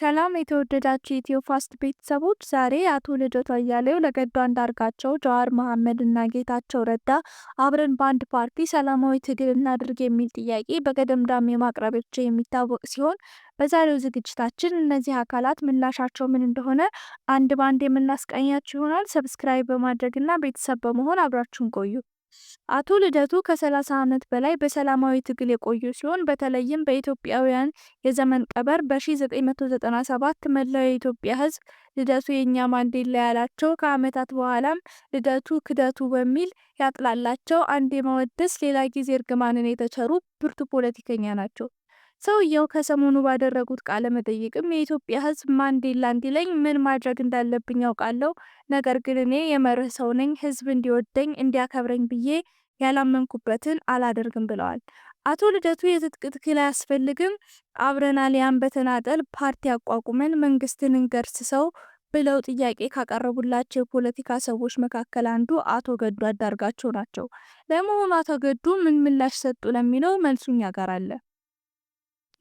ሰላም የተወደዳችሁ ኢትዮ ፋስት ቤተሰቦች፣ ዛሬ አቶ ልደቱ አያሌው፣ ለገዱ አንዳርጋቸው፣ ጀዋር መሐመድ እና ጌታቸው ረዳ አብረን በአንድ ፓርቲ ሰላማዊ ትግል እናድርግ የሚል ጥያቄ በገደምዳሜ ማቅረባቸው የሚታወቅ ሲሆን በዛሬው ዝግጅታችን እነዚህ አካላት ምላሻቸው ምን እንደሆነ አንድ በአንድ የምናስቀኛቸው ይሆናል። ሰብስክራይብ በማድረግና ቤተሰብ በመሆን አብራችሁን ቆዩ። አቶ ልደቱ ከ30 ዓመት በላይ በሰላማዊ ትግል የቆዩ ሲሆን በተለይም በኢትዮጵያውያን የዘመን ቀመር በ1997 መላው የኢትዮጵያ ሕዝብ ልደቱ የእኛ ማንዴላ ያላቸው ከዓመታት በኋላም ልደቱ ክደቱ በሚል ያጥላላቸው አንድ የመወደስ ሌላ ጊዜ እርግማንን የተቸሩ ብርቱ ፖለቲከኛ ናቸው። ሰውየው ከሰሞኑ ባደረጉት ቃለ መጠይቅም የኢትዮጵያ ሕዝብ ማንዴላ እንዲለኝ ምን ማድረግ እንዳለብኝ ያውቃለሁ፣ ነገር ግን እኔ የመርህ ሰው ነኝ፣ ሕዝብ እንዲወደኝ እንዲያከብረኝ ብዬ ያላመንኩበትን አላደርግም ብለዋል። አቶ ልደቱ የትጥቅ ትግል አያስፈልግም፣ አብረን አሊያም በተናጠል ፓርቲ አቋቁመን መንግስትን እንገርስሰው ብለው ጥያቄ ካቀረቡላቸው የፖለቲካ ሰዎች መካከል አንዱ አቶ ገዱ አንዳርጋቸው ናቸው። ለመሆኑ አቶ ገዱ ምን ምላሽ ሰጡ ለሚለው መልሱኛ ጋር አለ።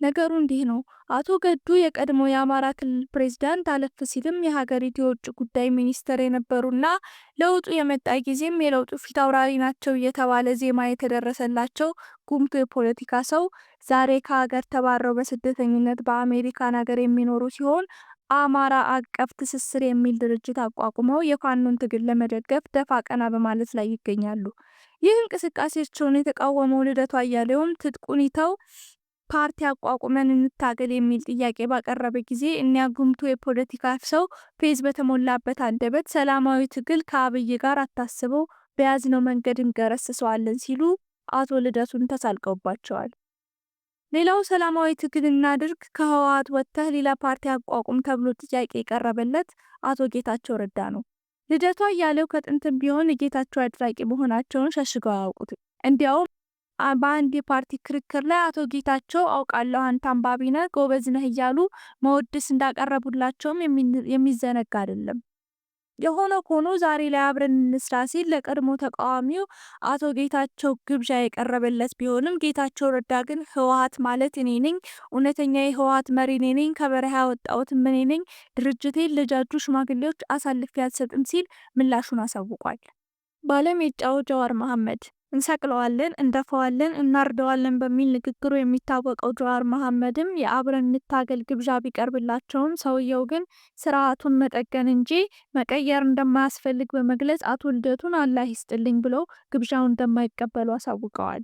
ነገሩ እንዲህ ነው። አቶ ገዱ የቀድሞ የአማራ ክልል ፕሬዝዳንት፣ አለፍ ሲልም የሀገሪቱ የውጭ ጉዳይ ሚኒስትር የነበሩና ለውጡ የመጣ ጊዜም የለውጡ ፊት አውራሪ ናቸው እየተባለ ዜማ የተደረሰላቸው ጉምቱ የፖለቲካ ሰው ዛሬ ከሀገር ተባረው በስደተኝነት በአሜሪካን ሀገር የሚኖሩ ሲሆን አማራ አቀፍ ትስስር የሚል ድርጅት አቋቁመው የፋኖን ትግል ለመደገፍ ደፋ ቀና በማለት ላይ ይገኛሉ። ይህ እንቅስቃሴያቸውን የተቃወመው ልደቱ አያሌውም ትጥቁን ይተው ፓርቲ አቋቁመን እንታገል የሚል ጥያቄ ባቀረበ ጊዜ እኒያ ጉምቱ የፖለቲካ ሰው ፌዝ በተሞላበት አንደበት ሰላማዊ ትግል ከአብይ ጋር አታስበው፣ በያዝነው መንገድ እንገረስሰዋለን ሲሉ አቶ ልደቱን ተሳልቀውባቸዋል። ሌላው ሰላማዊ ትግል እናድርግ ከህወሓት ወጥተህ ሌላ ፓርቲ አቋቁም ተብሎ ጥያቄ የቀረበለት አቶ ጌታቸው ረዳ ነው። ልደቷ እያለው ከጥንትም ቢሆን የጌታቸው አድራቂ መሆናቸውን ሸሽገው አያውቁትም። እንዲያውም በአንድ የፓርቲ ክርክር ላይ አቶ ጌታቸው አውቃለሁ አንተ አንባቢ ነህ ጎበዝ ነህ እያሉ መወድስ እንዳቀረቡላቸውም የሚዘነጋ አይደለም። የሆነ ሆኖ ዛሬ ላይ አብረን እንስራ ሲል ለቀድሞ ተቃዋሚው አቶ ጌታቸው ግብዣ የቀረበለት ቢሆንም ጌታቸው ረዳ ግን ህወሀት ማለት እኔ ነኝ፣ እውነተኛ የህወሀት መሪ እኔ ነኝ፣ ከበረሃ ያወጣሁት እኔ ነኝ፣ ድርጅቴን ለጃጁ ሽማግሌዎች አሳልፌ አልሰጥም ሲል ምላሹን አሳውቋል። ባለሜጫው ጀዋር መሐመድ እንሰቅለዋለን፣ እንደፈዋለን፣ እናርደዋለን በሚል ንግግሩ የሚታወቀው ጀዋር መሐመድም የአብረን እንታገል ግብዣ ቢቀርብላቸውም ሰውየው ግን ስርዓቱን መጠገን እንጂ መቀየር እንደማያስፈልግ በመግለጽ አቶ ልደቱን አላህ ይስጥልኝ ብለው ግብዣውን እንደማይቀበሉ አሳውቀዋል።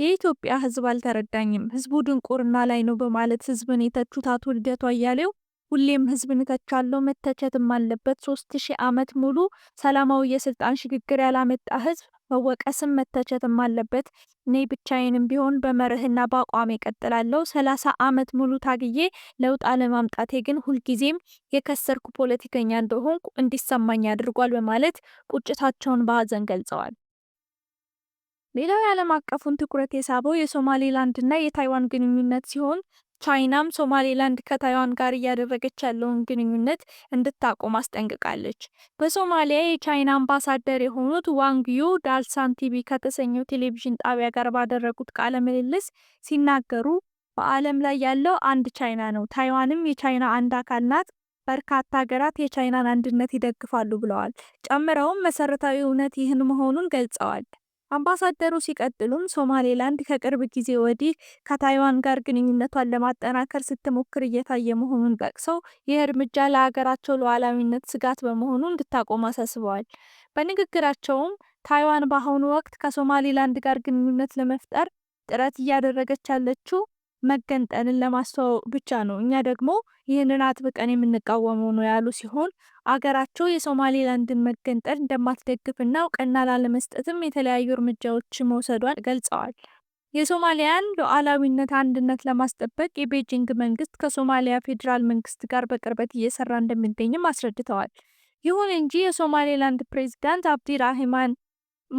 የኢትዮጵያ ሕዝብ አልተረዳኝም፣ ሕዝቡ ድንቁርና ላይ ነው በማለት ሕዝብን የተቹት አቶ ልደቱ አያሌው ሁሌም ሕዝብን እተቻለሁ መተቸትም አለበት፣ ሶስት ሺህ ዓመት ሙሉ ሰላማዊ የስልጣን ሽግግር ያላመጣ ሕዝብ መወቀስም መተቸትም አለበት። እኔ ብቻዬንም ቢሆን በመርህና በአቋም እቀጥላለሁ። ሰላሳ አመት ሙሉ ታግዬ ለውጥ አለማምጣቴ ግን ሁልጊዜም የከሰርኩ ፖለቲከኛ እንደሆንኩ እንዲሰማኝ አድርጓል በማለት ቁጭታቸውን በሀዘን ገልጸዋል። ሌላው የዓለም አቀፉን ትኩረት የሳበው የሶማሌላንድና የታይዋን ግንኙነት ሲሆን ቻይናም ሶማሌላንድ ከታይዋን ጋር እያደረገች ያለውን ግንኙነት እንድታቆም አስጠንቅቃለች። በሶማሊያ የቻይና አምባሳደር የሆኑት ዋንግዩ ዳልሳን ቲቪ ከተሰኘው ቴሌቪዥን ጣቢያ ጋር ባደረጉት ቃለ ምልልስ ሲናገሩ በዓለም ላይ ያለው አንድ ቻይና ነው፣ ታይዋንም የቻይና አንድ አካል ናት። በርካታ ሀገራት የቻይናን አንድነት ይደግፋሉ ብለዋል። ጨምረውም መሰረታዊ እውነት ይህን መሆኑን ገልጸዋል። አምባሳደሩ ሲቀጥሉም ሶማሌላንድ ከቅርብ ጊዜ ወዲህ ከታይዋን ጋር ግንኙነቷን ለማጠናከር ስትሞክር እየታየ መሆኑን ጠቅሰው ይህ እርምጃ ለሀገራቸው ሉዓላዊነት ስጋት በመሆኑ እንድታቆም አሳስበዋል። በንግግራቸውም ታይዋን በአሁኑ ወቅት ከሶማሌላንድ ጋር ግንኙነት ለመፍጠር ጥረት እያደረገች ያለችው መገንጠልን ለማስተዋወቅ ብቻ ነው። እኛ ደግሞ ይህንን አጥብቀን የምንቃወመው ነው ያሉ ሲሆን አገራቸው የሶማሌላንድን መገንጠል እንደማትደግፍና እውቅና ላለመስጠትም የተለያዩ እርምጃዎች መውሰዷን ገልጸዋል። የሶማሊያን ሉዓላዊነት አንድነት ለማስጠበቅ የቤጂንግ መንግስት ከሶማሊያ ፌዴራል መንግስት ጋር በቅርበት እየሰራ እንደሚገኝም አስረድተዋል። ይሁን እንጂ የሶማሌላንድ ፕሬዚዳንት አብዲ ራህማን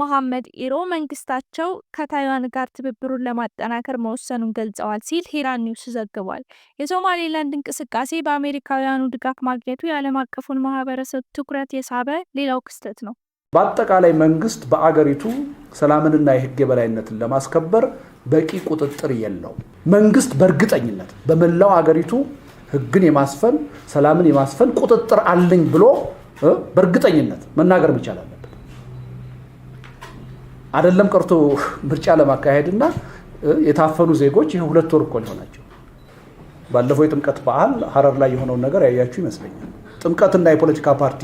መሐመድ ኢሮ መንግስታቸው ከታይዋን ጋር ትብብሩን ለማጠናከር መወሰኑን ገልጸዋል ሲል ሄራን ኒውስ ዘግቧል። የሶማሌላንድ እንቅስቃሴ በአሜሪካውያኑ ድጋፍ ማግኘቱ የዓለም አቀፉን ማህበረሰብ ትኩረት የሳበ ሌላው ክስተት ነው። በአጠቃላይ መንግስት በአገሪቱ ሰላምንና የህግ የበላይነትን ለማስከበር በቂ ቁጥጥር የለው መንግስት በእርግጠኝነት በመላው አገሪቱ ህግን የማስፈን ሰላምን የማስፈን ቁጥጥር አለኝ ብሎ በእርግጠኝነት መናገር ይቻላል። አደለም ቀርቶ ምርጫ እና የታፈኑ ዜጎች ይህ ሁለት ወር እኮ ሊሆናቸው ባለፈው የጥምቀት በዓል ሀረር ላይ የሆነውን ነገር ያያችሁ ይመስለኛል። ጥምቀትና የፖለቲካ ፓርቲ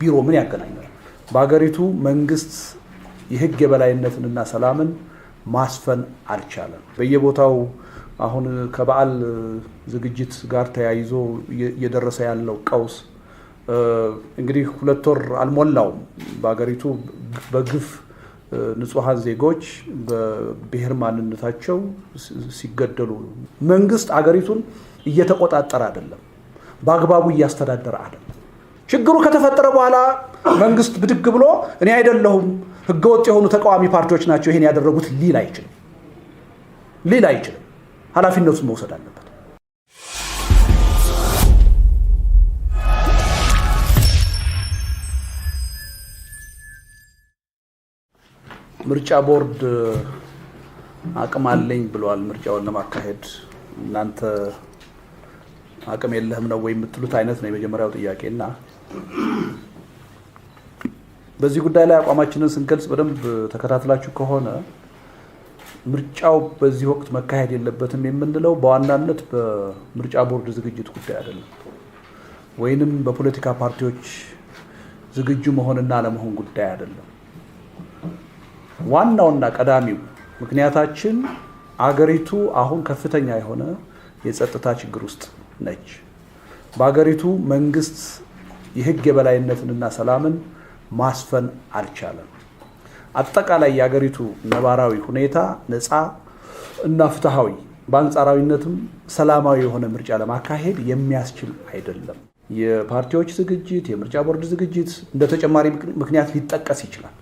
ቢሮ ምን ያገናኛል? በሀገሪቱ መንግስት የህግ የበላይነትንና ሰላምን ማስፈን አልቻለም። በየቦታው አሁን ከበዓል ዝግጅት ጋር ተያይዞ እየደረሰ ያለው ቀውስ እንግዲህ ሁለት ወር አልሞላውም። በሀገሪቱ በግፍ ንጹሐን ዜጎች በብሔር ማንነታቸው ሲገደሉ መንግስት አገሪቱን እየተቆጣጠረ አይደለም፣ በአግባቡ እያስተዳደረ አይደለም። ችግሩ ከተፈጠረ በኋላ መንግስት ብድግ ብሎ እኔ አይደለሁም ህገወጥ የሆኑ ተቃዋሚ ፓርቲዎች ናቸው ይሄን ያደረጉት ሊል አይችልም ሊል አይችልም። ኃላፊነቱን መውሰድ አለ ምርጫ ቦርድ አቅም አለኝ ብለዋል። ምርጫውን ለማካሄድ እናንተ አቅም የለህም ነው ወይ የምትሉት አይነት ነው የመጀመሪያው ጥያቄ እና በዚህ ጉዳይ ላይ አቋማችንን ስንገልጽ በደንብ ተከታትላችሁ ከሆነ ምርጫው በዚህ ወቅት መካሄድ የለበትም የምንለው በዋናነት በምርጫ ቦርድ ዝግጅት ጉዳይ አይደለም፣ ወይንም በፖለቲካ ፓርቲዎች ዝግጁ መሆንና አለመሆን ጉዳይ አይደለም። ዋናውና ቀዳሚው ምክንያታችን አገሪቱ አሁን ከፍተኛ የሆነ የጸጥታ ችግር ውስጥ ነች። በአገሪቱ መንግስት የህግ የበላይነትንና ሰላምን ማስፈን አልቻለም። አጠቃላይ የአገሪቱ ነባራዊ ሁኔታ ነፃ እና ፍትሐዊ በአንጻራዊነትም ሰላማዊ የሆነ ምርጫ ለማካሄድ የሚያስችል አይደለም። የፓርቲዎች ዝግጅት፣ የምርጫ ቦርድ ዝግጅት እንደ ተጨማሪ ምክንያት ሊጠቀስ ይችላል።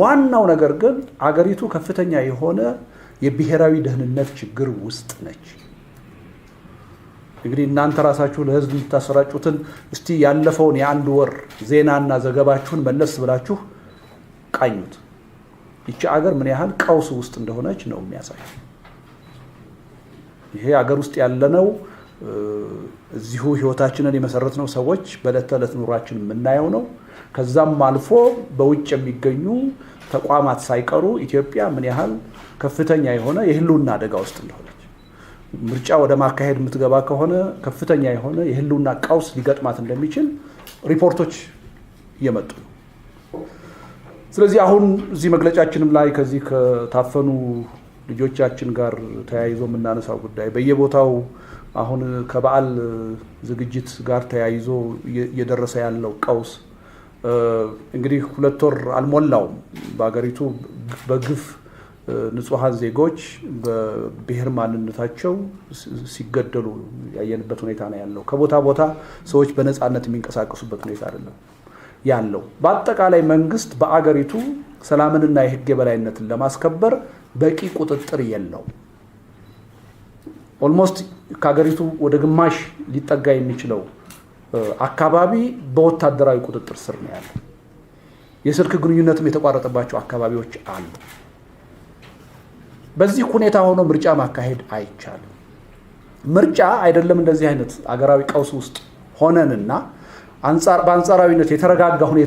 ዋናው ነገር ግን አገሪቱ ከፍተኛ የሆነ የብሔራዊ ደህንነት ችግር ውስጥ ነች። እንግዲህ እናንተ ራሳችሁ ለህዝብ የምታሰራጩትን እስቲ ያለፈውን የአንድ ወር ዜናና ዘገባችሁን መለስ ብላችሁ ቃኙት። ይቺ አገር ምን ያህል ቀውስ ውስጥ እንደሆነች ነው የሚያሳይ። ይሄ አገር ውስጥ ያለነው እዚሁ ህይወታችንን የመሰረትነው ሰዎች በዕለት ተዕለት ኑሯችን የምናየው ነው። ከዛም አልፎ በውጭ የሚገኙ ተቋማት ሳይቀሩ ኢትዮጵያ ምን ያህል ከፍተኛ የሆነ የህልውና አደጋ ውስጥ እንደሆነች ምርጫ ወደ ማካሄድ የምትገባ ከሆነ ከፍተኛ የሆነ የህልውና ቀውስ ሊገጥማት እንደሚችል ሪፖርቶች እየመጡ ነው። ስለዚህ አሁን እዚህ መግለጫችንም ላይ ከዚህ ከታፈኑ ልጆቻችን ጋር ተያይዞ የምናነሳው ጉዳይ በየቦታው አሁን ከበዓል ዝግጅት ጋር ተያይዞ እየደረሰ ያለው ቀውስ እንግዲህ ሁለት ወር አልሞላውም። በሀገሪቱ በግፍ ንጹሐን ዜጎች በብሔር ማንነታቸው ሲገደሉ ያየንበት ሁኔታ ነው ያለው። ከቦታ ቦታ ሰዎች በነፃነት የሚንቀሳቀሱበት ሁኔታ አይደለም ያለው። በአጠቃላይ መንግስት በአገሪቱ ሰላምንና የህግ የበላይነትን ለማስከበር በቂ ቁጥጥር የለው። ኦልሞስት ከሀገሪቱ ወደ ግማሽ ሊጠጋ የሚችለው አካባቢ በወታደራዊ ቁጥጥር ስር ነው ያለው። የስልክ ግንኙነትም የተቋረጠባቸው አካባቢዎች አሉ። በዚህ ሁኔታ ሆኖ ምርጫ ማካሄድ አይቻልም። ምርጫ አይደለም እንደዚህ አይነት አገራዊ ቀውስ ውስጥ ሆነንና በአንጻራዊነት የተረጋጋ ሁኔታ